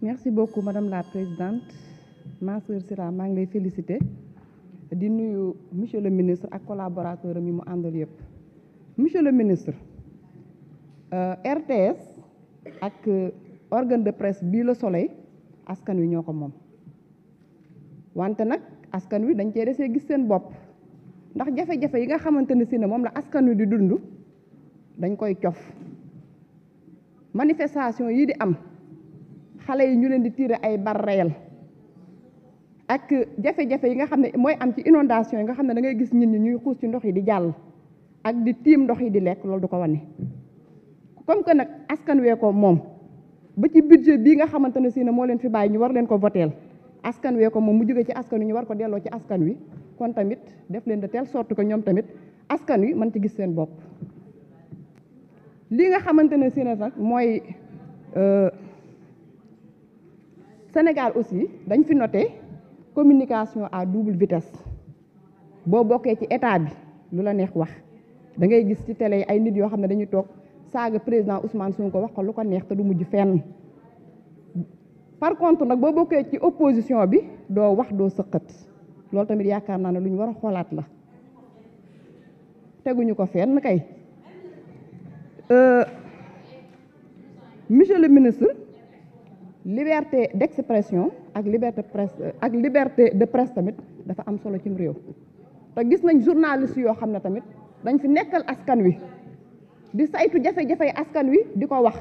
merci beaucoup madame la présidente ma sœur Sira maa ngi lay féliciter di nuyu monsieur le ministre ak collaborateur am yi mu àndal yëpp monsieur le ministre euh, RTS ak euh, organe de presse bii la Soleil askan wi ñoo ko moom wante nag askan wi dañ cee desee gis seen bopp ndax jafe-jafe yi nga xamante ne si ne moom la askan wi di dund dañ koy cof manifestation yi di am xale yi ñu leen di tiire ay bar réel ak jafe-jafe yi nga xam ne mooy am ci inondation yi nga xam ne da ngay gis nit ñi ñuy xuus ci ndox yi di jàll ak di tiim ndox yi di lekk loolu du ko wane comme que nag askan wee ko moom ba ci budget bii nga xamante ne si ne moo leen fi bàyyi ñu war leen ko voteel askan wee moom mu jóge ci askan wi ñu war ko delloo ci askan wi kon tamit def leen de telle sorte que ñoom tamit askan wi mën ci gis seen bopp li nga xamante ne si ne mooy euh, Sénégal aussi dañ fi noté communication à double vitesse boo bokkee ci état bi lu la neex wax da ngay gis ci tele yi ay nit yoo xam ne dañuy toog saaga président suñ ko wax ko lu ko neex te du mujj fenn par contre nag boo bokkee ci opposition bi doo wax doo sëqat loolu tamit yaakaar naa ne lu ñu war a xoolaat la teguñu ko fenn kay euh, monsieur le ministre liberté d'expression ak liberté presse euh, ak liberté de presse tamit dafa am solo cim réew te gis nañ journaliste yoo xam ne tamit dañ fi nekkal askan wi di saytu jafe-jafey askan wi di ko wax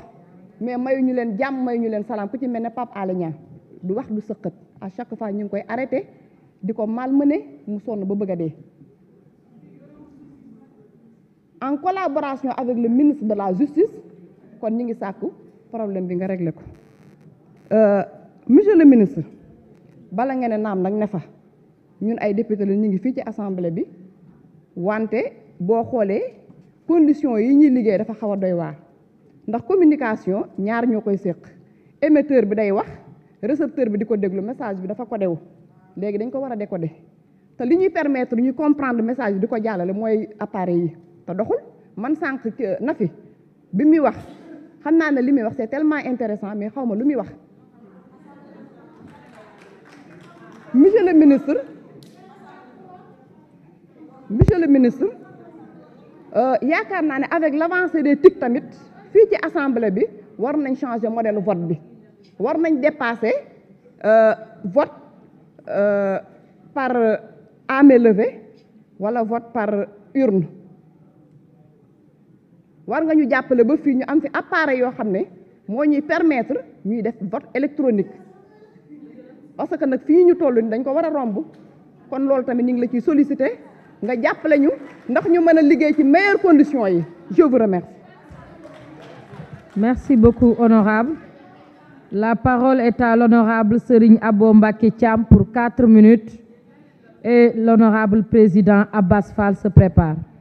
mais mayu ñu leen jàmm mayu ñu leen salaam ku ci mel ne Pape Alé Niang du wax du sëqat à chaque fois ñu ngi koy arrêté di ko malmené mu sonn ba bëgg a dee en collaboration avec le ministre de la justice kon ñu ngi sàkku problème bi nga réglé ko Euh, monsieur le ministre bala nga ne naam nag ne fa ñun ay député la ñu ngi fii ci assemblée bi wante boo xoolee condition yi ñuy liggéey dafa xaw a doy waar ndax communication ñaar ñoo koy séq émetteur bi day wax récepteur bi di ko déglu message bi dafa ko dew léegi dañ ko war a décoder te li ñuy permettre ñu comprendre message bi di ko jàllale mooy appareil yi te doxul man sànq euh, na bi muy wax xam naa ne li muy wax c'est tellement intéressant mais xaw ma lu muy wax monsieur le ministre monsieur le ministre euh, yaakaar naa ne avec l' avancée des TIC tamit fii ci assemblée bi war nañ changer modèle vote bi war nañ dépasser euh, vote euh, par à main wala vote par urne war nga ñu jàppale ba fii ñu am fi appareil yoo xam ne moo ñuy permettre ñuy def vote électronique parce que nag fii ñu toll ni dañ ko war a romb kon loolu tamit ñu ngi la ciy solicité nga jàppale ñu ndax ñu mën a liggéey ci meilleures conditions yi je vous remercie. merci beaucoup honorable la parole est à l'honorable Serigne Abo Mbacké Thiam pour quatre minutes et l'honorable président Abbas Fall se prépare.